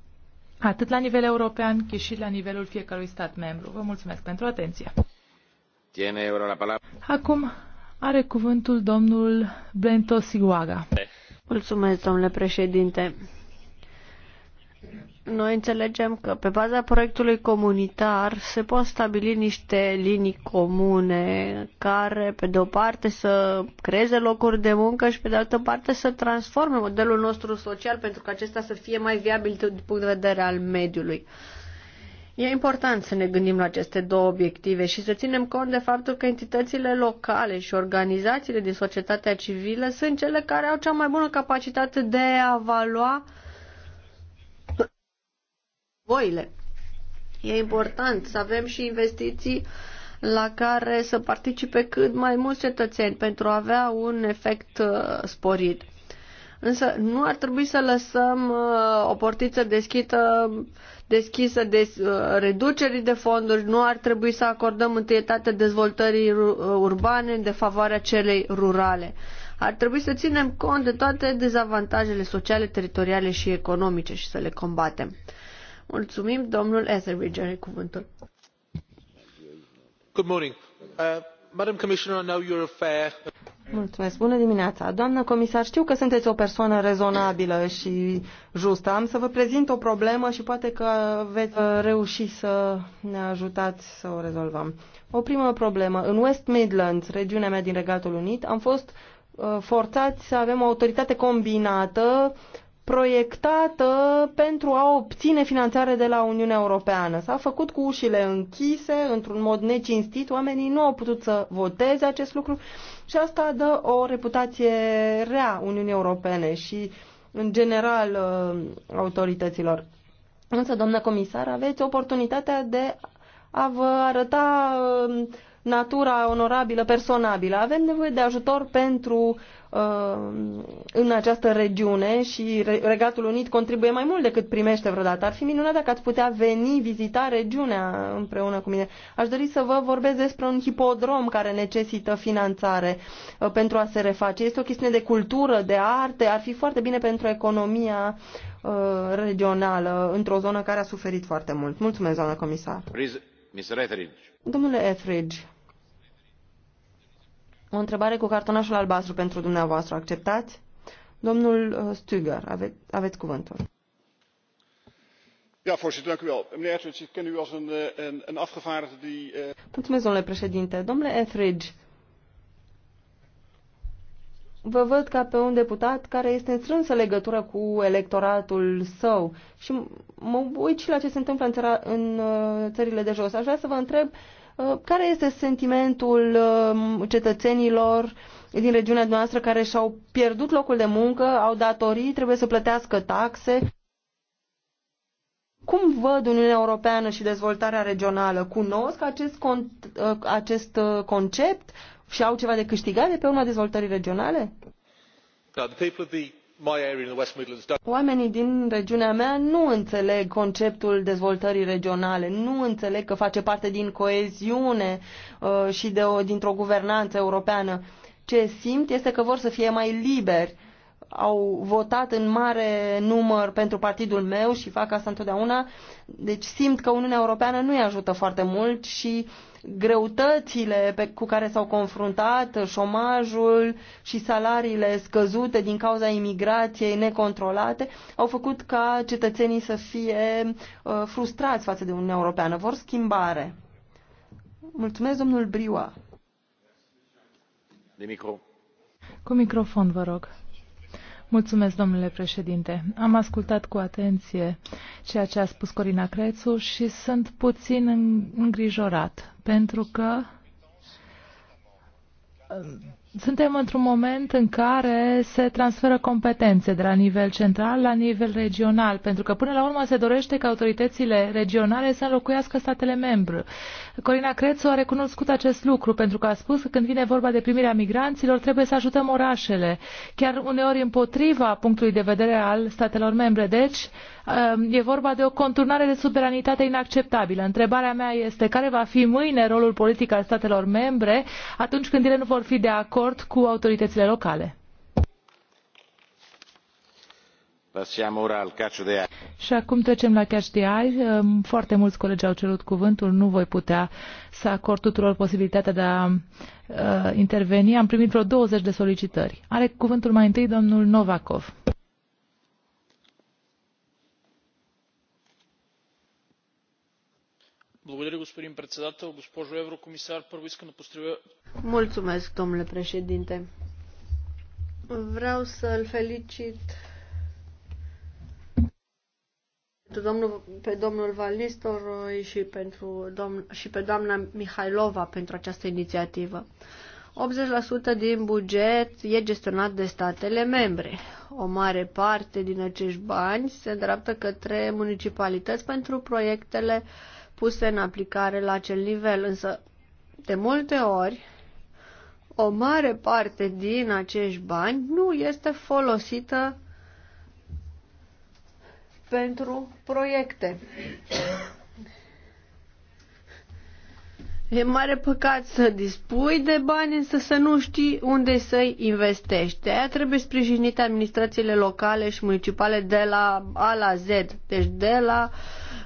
atât la nivel european, cât și la nivelul fiecărui stat membru. Vă mulțumesc pentru atenție. Acum are cuvântul domnul Blento Siguaga. Eh, Mulțumesc, domnule președinte. Noi înțelegem că pe baza proiectului comunitar se pot stabili niște linii comune care, pe de o parte, să creeze locuri de muncă și, pe de altă parte, să transforme modelul nostru social pentru că acesta să fie mai viabil din punct de vedere al mediului. Uh, E important să ne gândim la aceste două obiective și să ținem cont de faptul că entitățile locale și organizațiile din societatea civilă sunt cele care au cea mai bună capacitate de a evalua voile. E important să avem și investiții la care să participe cât mai mulți cetățeni pentru a avea un efect uh, sporit. Însă nu ar trebui să lăsăm uh, o portiță deschită, deschisă de uh, reducerii de fonduri, nu ar trebui să acordăm întâietate dezvoltării uh, urbane de favoarea celei rurale. Ar trebui să ținem cont de toate dezavantajele sociale, teritoriale și economice și să le combatem. Mulțumim, domnul Etheridge are cuvântul. Good morning. Uh, Madam Commissioner, I know you're a fair... Mulțumesc. Bună dimineața. Doamnă comisar, știu că sunteți o persoană rezonabilă și justă. Am să vă prezint o problemă și poate că veți reuși să ne ajutați să o rezolvăm. O primă problemă. În West Midlands, regiunea mea din Regatul Unit, am fost uh, forțați să avem o autoritate combinată proiectată pentru a obține finanțare de la Uniunea Europeană. S-a făcut cu ușile închise, într-un mod necinstit, oamenii nu au putut să voteze acest lucru și asta dă o reputație rea Uniunii Europene și, în general, uh, autorităților. Însă, doamnă comisar, aveți oportunitatea de a vă arăta uh, natura onorabilă, personabilă. Avem nevoie de ajutor pentru uh, în această regiune și Regatul Unit contribuie mai mult decât primește vreodată. Ar fi minunat dacă ați putea veni vizita regiunea împreună cu mine. Aș dori să vă vorbesc despre un hipodrom care necesită finanțare uh, pentru a se reface. Este o chestiune de cultură, de arte, ar fi foarte bine pentru economia uh, regională într-o zonă care a suferit foarte mult. Mulțumesc, doamnă comisar. Etheridge. Domnule Etheridge, o întrebare cu cartonașul albastru pentru dumneavoastră. Acceptați? Domnul uh, Stüger, ave, aveți cuvântul. Ja, voorzitter, dank u wel. Meneer Etheridge, ik ken u als een, eh, een, een afgevaardigde die... Uh... Mulțumesc, domnule președinte. Domnule Etheridge, vă văd ca pe un deputat care este în strânsă legătură cu electoratul său și mă uit și la ce se întâmplă în, țara, în uh, țările de jos. Aș vrea să vă întreb uh, Uh, care este sentimentul um, cetățenilor din regiunea noastră care și-au pierdut locul de muncă, au datorii, trebuie să plătească taxe? Cum văd Uniunea Europeană și dezvoltarea regională? Cunosc acest, con uh, acest uh, concept și au ceva de câștigat de pe urma dezvoltării regionale? Da, the people of the Oamenii din regiunea mea nu înțeleg conceptul dezvoltării regionale, nu înțeleg că face parte din coeziune uh, și de o, dintr-o guvernanță europeană. Ce simt este că vor să fie mai liberi. Au votat în mare număr pentru partidul meu și fac asta întotdeauna. Deci simt că Uniunea Europeană nu îi ajută foarte mult și uh, greutățile pe, cu care s-au confruntat, șomajul și salariile scăzute din cauza imigrației necontrolate, au făcut ca cetățenii să fie uh, frustrați față de Uniunea Europeană. Vor schimbare. Mulțumesc, domnul Briua. De micro. Cu microfon, vă rog. Mulțumesc, domnule președinte. Am ascultat cu atenție ceea ce a spus Corina Crețu și sunt puțin îngrijorat, pentru că suntem într-un moment în care se transferă competențe de la nivel central la nivel regional, pentru că până la urmă se dorește ca autoritățile regionale să înlocuiască statele membre. Corina Crețu a recunoscut acest lucru, pentru că a spus că când vine vorba de primirea migranților, trebuie să ajutăm orașele, chiar uneori împotriva punctului de vedere al statelor membre. Deci, um, e vorba de o conturnare de suveranitate inacceptabilă. Întrebarea mea este care va fi mâine rolul politic al statelor membre atunci când ele nu vor fi de acord acord cu autoritățile locale. Și acum trecem la catch the eye. Ehm, foarte mulți colegi au cerut cuvântul. Nu voi putea să acord tuturor posibilitatea de a uh, interveni. Am primit vreo 20 de solicitări. Are cuvântul mai întâi domnul Novakov. Mulțumesc, domnule președinte. Vreau să-l felicit pe domnul, pe domnul Van Nistelrooy și, pentru domn, și pe doamna Mihailova pentru această inițiativă. 80% din buget e gestionat de statele membre. O mare parte din acești bani se îndreaptă către municipalități pentru proiectele puse în aplicare la acel nivel, însă de multe ori o mare parte din acești bani nu este folosită pentru proiecte. E mare păcat să dispui de bani, însă să nu știi unde să-i investești. De aia trebuie sprijinite administrațiile locale și municipale de la A la Z, deci de la uh,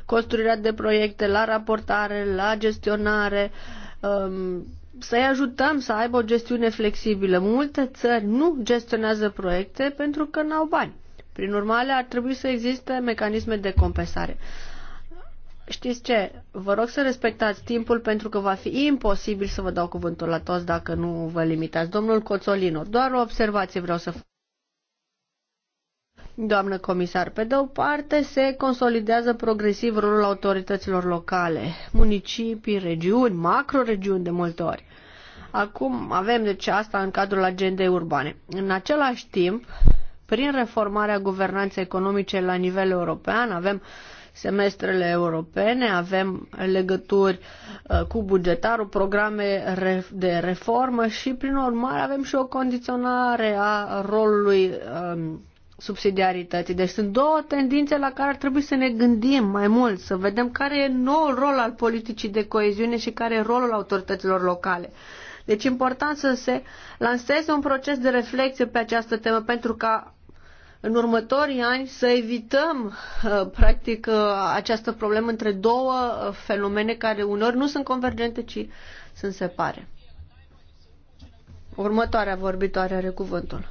construirea de proiecte, la raportare, la gestionare, um, să-i ajutăm să aibă o gestiune flexibilă. Multe țări nu gestionează proiecte pentru că n-au bani. Prin urmare, ar trebui să existe mecanisme de compensare. Știți ce? Vă rog să respectați timpul pentru că va fi imposibil să vă dau cuvântul la toți dacă nu vă limitați. Domnul Coțolino, doar o observație vreau să fac. Doamnă comisar, pe de o parte se consolidează progresiv rolul autorităților locale, municipii, regiuni, macroregiuni de multe ori. Acum avem deci asta în cadrul agendei urbane. În același timp, prin reformarea guvernanței economice la nivel european, avem semestrele europene, avem legături uh, cu bugetarul, programe de reformă și, prin urmare, avem și o condiționare a rolului um, subsidiarității. Deci sunt două tendințe la care ar trebui să ne gândim mai mult, să vedem care e noul rol al politicii de coeziune și care e rolul autorităților locale. Deci e important să se lanseze un proces de reflexie pe această temă pentru ca în următorii ani să evităm uh, practic uh, această problemă între două uh, fenomene care unor nu sunt convergente, ci sunt separe. Următoarea vorbitoare are cuvântul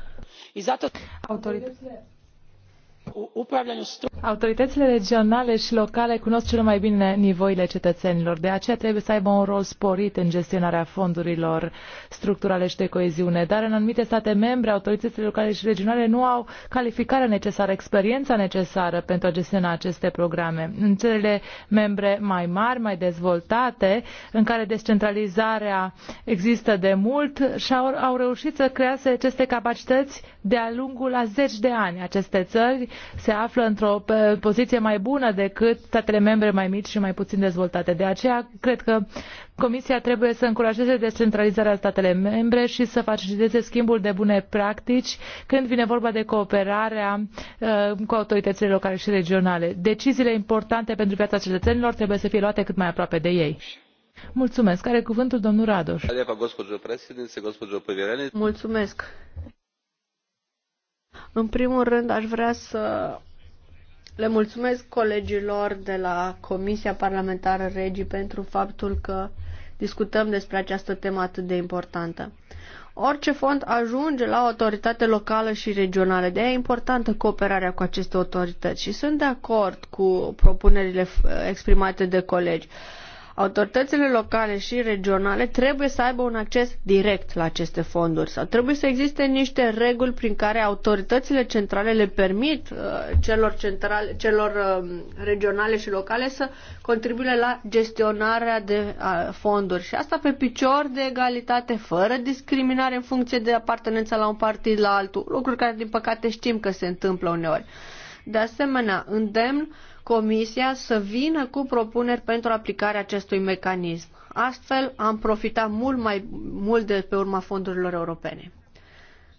autoritățile regionale și locale cunosc cel mai bine nevoile cetățenilor de aceea trebuie să aibă un rol sporit în gestionarea fondurilor structurale și de coeziune dar în anumite state membre autoritățile locale și regionale nu au calificarea necesară experiența necesară pentru a gestiona aceste programe. în țările membre mai mari mai dezvoltate în care descentralizarea există de mult și au reușit să creeze aceste capacități de-a lungul a zeci de ani. Aceste țări se află într-o poziție mai bună decât statele membre mai mici și mai puțin dezvoltate. De aceea, cred că Comisia trebuie să încurajeze descentralizarea statele membre și să faciliteze schimbul de bune practici când vine vorba de cooperarea uh, cu autoritățile locale și regionale. Deciziile importante pentru viața cetățenilor trebuie să fie luate cât mai aproape de ei. Mulțumesc. Are cuvântul domnul Radoș. Mulțumesc. În primul rând, aș vrea să le mulțumesc colegilor de la Comisia Parlamentară Regii pentru faptul că discutăm despre această temă atât de importantă. Orice fond ajunge la autoritate locală și regională, de aia e importantă cooperarea cu aceste autorități și sunt de acord cu propunerile exprimate de colegi. Uh, autoritățile locale și regionale trebuie să aibă un acces direct la aceste fonduri sau trebuie să existe niște reguli prin care autoritățile centrale le permit uh, celor, centrale, celor uh, regionale și locale să contribuie la gestionarea de uh, fonduri și asta pe picior de egalitate, fără discriminare în funcție de apartenența la un partid, la altul, lucruri care din păcate știm că se întâmplă uneori. De asemenea, îndemn Comisia să vină cu propuneri pentru aplicarea acestui mecanism. Astfel am profitat mult mai mult de pe urma fondurilor europene.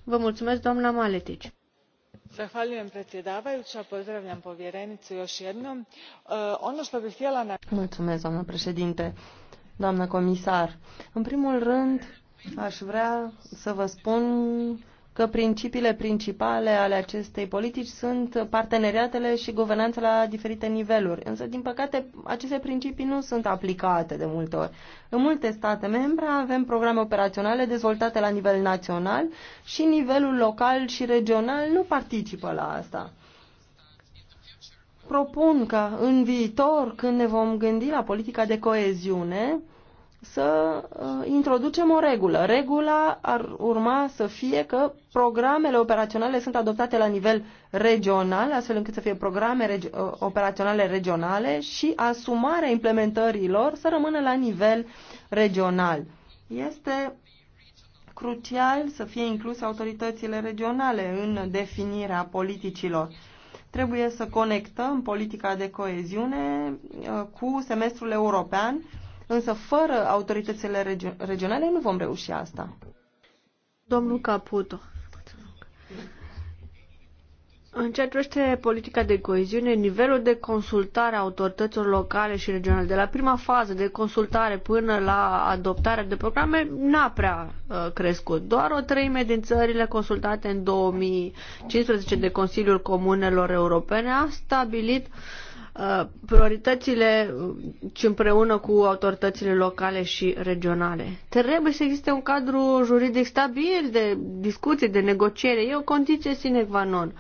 Vă mulțumesc, doamna Maletici. Zahvaljujem predsjedavajuća, pozdravljam povjerenicu još jednom. Ono što bih htjela na... Mulțumesc, doamna președinte, doamna comisar. În primul rând, aș vrea să vă spun că principiile principale ale acestei politici sunt parteneriatele și guvernanța la diferite niveluri. Însă, din păcate, aceste principii nu sunt aplicate de multe ori. În multe state membre avem programe operaționale dezvoltate la nivel național și nivelul local și regional nu participă la asta propun că în viitor, când ne vom gândi la politica de coeziune, să uh, introducem o regulă. Regula ar urma să fie că programele operaționale sunt adoptate la nivel regional, astfel încât să fie programe regi uh, operaționale regionale și asumarea implementărilor să rămână la nivel regional. Este crucial să fie incluse autoritățile regionale în definirea politicilor. Trebuie să conectăm politica de coeziune uh, cu semestrul european Însă fără autoritățile regionale nu vom reuși asta. Domnul Caputo. În ceea ce este politica de coeziune, nivelul de consultare a autorităților locale și regionale, de la prima fază de consultare până la adoptarea de programe, n-a prea uh, crescut. Doar o treime din țările consultate în 2015 de Consiliul Comunelor Europene a stabilit Uh, prioritățile uh, ci împreună cu autoritățile locale și regionale. Trebuie să existe un cadru juridic stabil de discuții, de negociere. E o condiție sine qua non.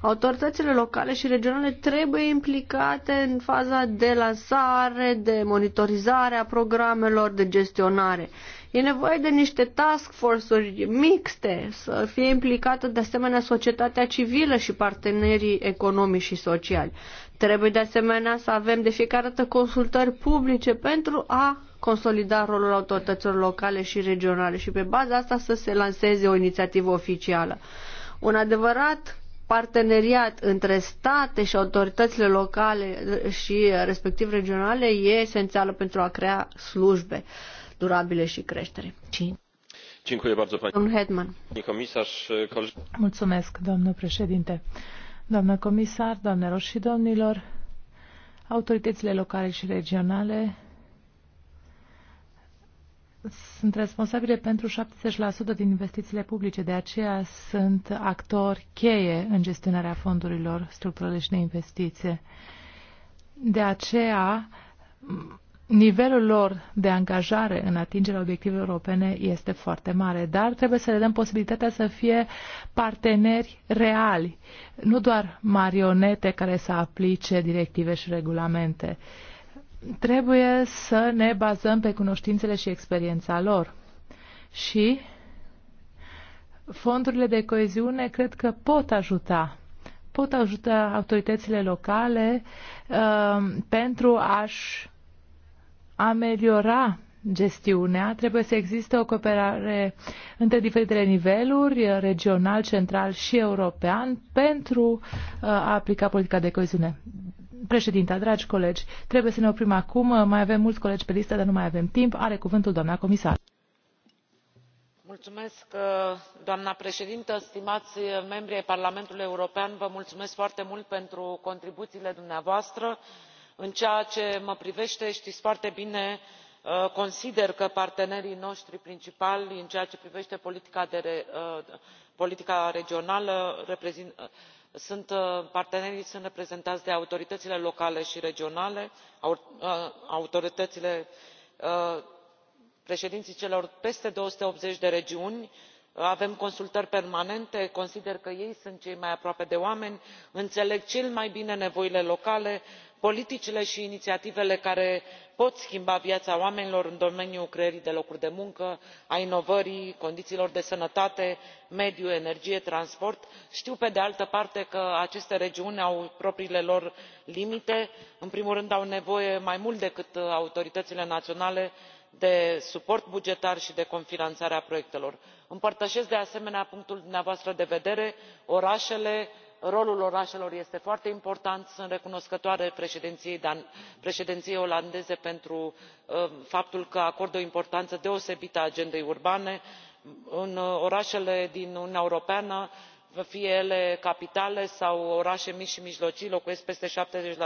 Autoritățile locale și regionale trebuie implicate în faza de lansare, de monitorizare a programelor, de gestionare. E nevoie de niște task force-uri mixte, să fie implicată de asemenea societatea civilă și partenerii economici și sociali. Trebuie de asemenea să avem de fiecare dată consultări publice pentru a consolida rolul autorităților locale și regionale și pe baza asta să se lanseze o inițiativă oficială. Un adevărat parteneriat între state și autoritățile locale și respectiv regionale e esențială pentru a crea slujbe durabile și creștere. Mulțumesc, domnule președinte Doamnă comisar, doamnelor și domnilor, autoritățile locale și regionale sunt responsabile pentru 70% din investițiile publice, de aceea sunt actori cheie în gestionarea fondurilor structurale și de investiție. De aceea nivelul lor de angajare în atingerea obiectivelor europene este foarte mare, dar trebuie să le dăm posibilitatea să fie parteneri reali, nu doar marionete care să aplice directive și regulamente. Trebuie să ne bazăm pe cunoștințele și experiența lor. Și fondurile de coeziune cred că pot ajuta pot ajuta autoritățile locale uh, pentru a-și ameliora gestiunea, trebuie să existe o cooperare între diferitele niveluri, regional, central și european, pentru uh, a aplica politica de coeziune. Președinte, dragi colegi, trebuie să ne oprim acum. Mai avem mulți colegi pe listă, dar nu mai avem timp. Are cuvântul doamna comisar. Mulțumesc, uh, doamna președintă stimați membri ai parlamentului european vă mulțumesc foarte mult pentru contribuțiile dumneavoastră în ceea ce mă privește știți foarte bine uh, consider că partenerii noștri principali în ceea ce privește politica uh, regională uh, sunt reprezentați de autoritățile locale și regionale autoritățile președinții celor peste două sute optzeci de regiuni avem consultări permanente consider că ei sunt cei mai aproape de oameni înțeleg cel mai bine nevoile locale politicile și inițiativele care pot schimba viața oamenilor în domeniul creării de locuri de muncă al inovării al condițiilor de sănătate mediu energie transport. știu pe de altă parte că aceste regiuni au propriile lor limite în primul rând au nevoie mai mult decât autoritățile naționale de suport bugetar și de cofinanțarea proiectelor. împărtășesc de asemenea punctul dumneavoastră de vedere orașele rolul orașelor este foarte important sunt recunoscătoare președinției olandeze pentru uh, faptul că acordă o importanță deosebită agendei urbane în uh, orașele din uniunea europeană fie ele capitale sau orașe mici și mijlocii locuiesc peste șaptezeci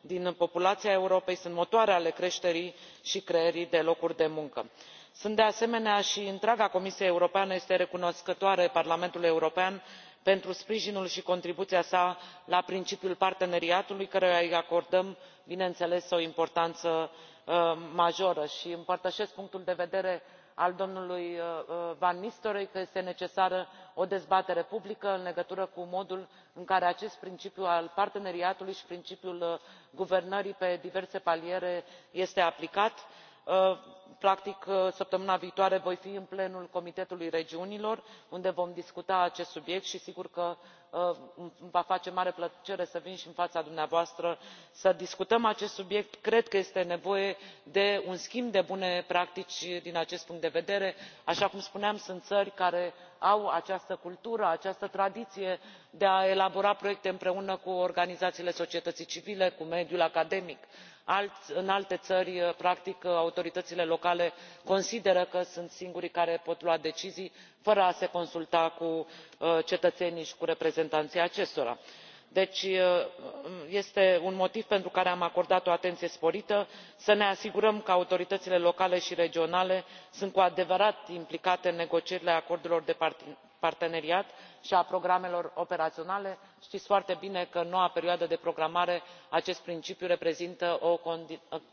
din populația europei sunt motoare ale creșterii și creării de locuri de muncă. sunt de asemenea și întreaga comisie europeană este recunoscătoare parlamentului european pentru sprijinul și contribuția sa la principiul parteneriatului căruia îi acordăm bineînțeles o importanță uh, majoră și împărtășesc punctul de vedere al domnului uh, uh, van nistelrooij că este necesară o dezbatere publică în legătură cu modul în care acest principiu al parteneriatului și principiul guvernării pe diverse paliere este aplicat și Ă, practic ă, săptămâna viitoare voi fi în plenul comitetului regiunilor unde vom discuta acest subiect și sigur că ă, îmi va face mare plăcere să vin și în fața dumneavoastră să discutăm acest subiect. cred că este nevoie de un schimb de bune practici din acest punct de vedere. așa cum spuneam sunt țări care au această cultură această tradiție de a elabora proiecte împreună cu organizațiile societății civile cu mediul academic în alte țări uh, practic uh, autoritățile locale consideră că sunt singurii care pot lua decizii fără a se consulta cu uh, cetățenii și cu reprezentanții acestora deci este un motiv pentru care am acordat o atenție sporită să ne asigurăm că autoritățile locale și regionale sunt cu adevărat implicate în negocierile acordurilor de parteneriat și a programelor operaționale știți foarte bine că în noua perioadă de programare acest principiu reprezintă o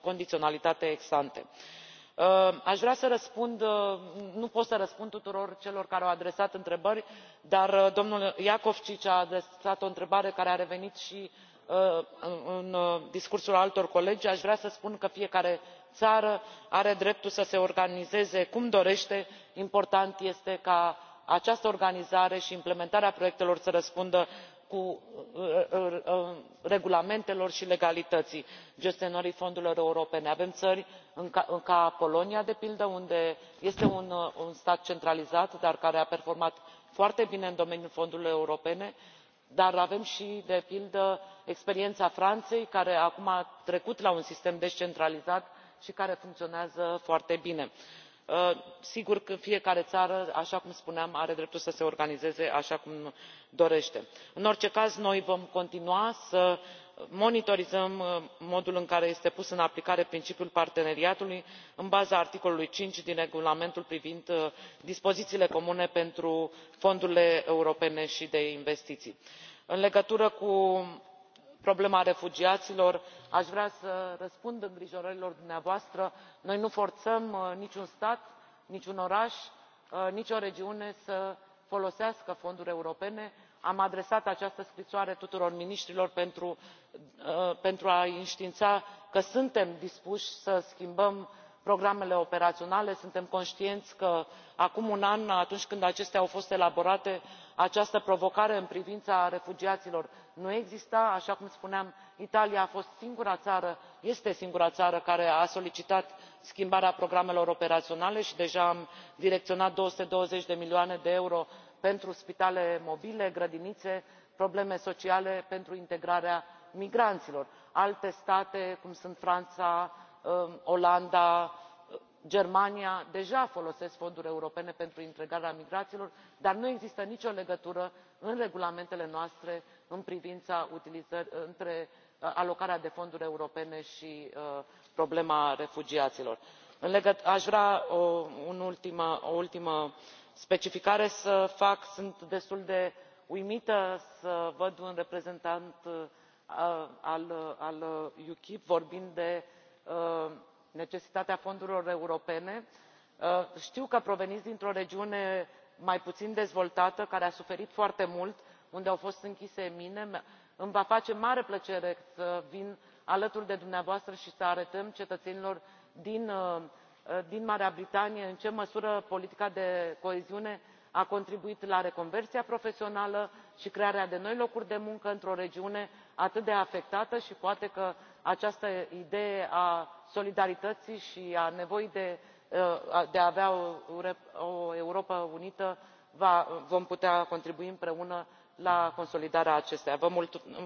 condiționalitate ex ante. Uh, aș vrea să răspund uh, nu pot să răspund tuturor celor care au adresat întrebări dar uh, domnul jakovi a adresat o întrebare care a revenit și în discursul altor colegi aș vrea să spun că fiecare țară are dreptul să se organizeze cum dorește important este ca această organizare și implementarea proiectelor să răspundă uh, uh, uh, regulamentelor și legalității gestionării fondurilor europene. avem țări ca polonia de pildă unde este un stat centralizat dar care a performat foarte bine în domeniul fondurilor europene dar avem și de pildă experiența franței care acum a trecut la un sistem descentralizat și care funcționează foarte bine. Uh, sigur că fiecare țară așa cum spuneam are dreptul să se organizeze așa cum dorește. în orice caz noi vom continua să monitorizăm uh, modul în care este pus în aplicare principiul parteneriatului în baza articolului cinci din regulamentul privind uh, dispozițiile comune pentru fondurile europene și de investiții în legătură cu problema refugiaților aș vrea să răspund îngrijorărilor dumneavoastră noi nu forțăm uh, niciun stat niciun oraș uh, nicio regiune să folosească fonduri europene am adresat această scrisoare tuturor miniștrilor uh, pentru a i înștiința că suntem dispuși să schimbăm programele operaționale suntem conștienți că acum un an atunci când acestea au fost elaborate această provocare în privința refugiaților nu exista așa cum spuneam italia a fost singura țară este singura țară care a solicitat schimbarea programelor operaționale și deja am direcționat două sute douăzeci de milioane de euro pentru spitale mobile grădinițe probleme sociale pentru integrarea migranților. alte state cum sunt franța Um, olanda germania deja folosesc fonduri europene pentru integrarea migranților dar nu există nicio legătură în regulamentele noastre în privința între uh, alocarea de fonduri europene și uh, problema refugiaților. aș vrea o ultimă specificare să fac sunt destul de uimită să văd un reprezentant uh, al ukip vorbind de Uh, necesitatea fondurilor europene uh, știu că proveniți dintr o regiune mai puțin dezvoltată care a suferit foarte mult unde au fost închise mine îmi va face mare plăcere să vin alături de dumneavoastră și să arătăm cetățenilor uh, din marea britanie în ce măsură politica de coeziune a contribuit la reconversia profesională și crearea de noi locuri de muncă într o regiune atât de afectată și poate că această idee a solidarității și a nevoii de uh, a avea o europă unită vom putea contribui împreună la consolidarea acesteia.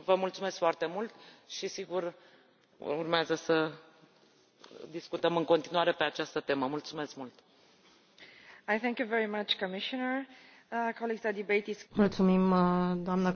vă mulțumesc foarte mult și sigur urmează să discutăm în continuare pe această temă. mulțumesc mult!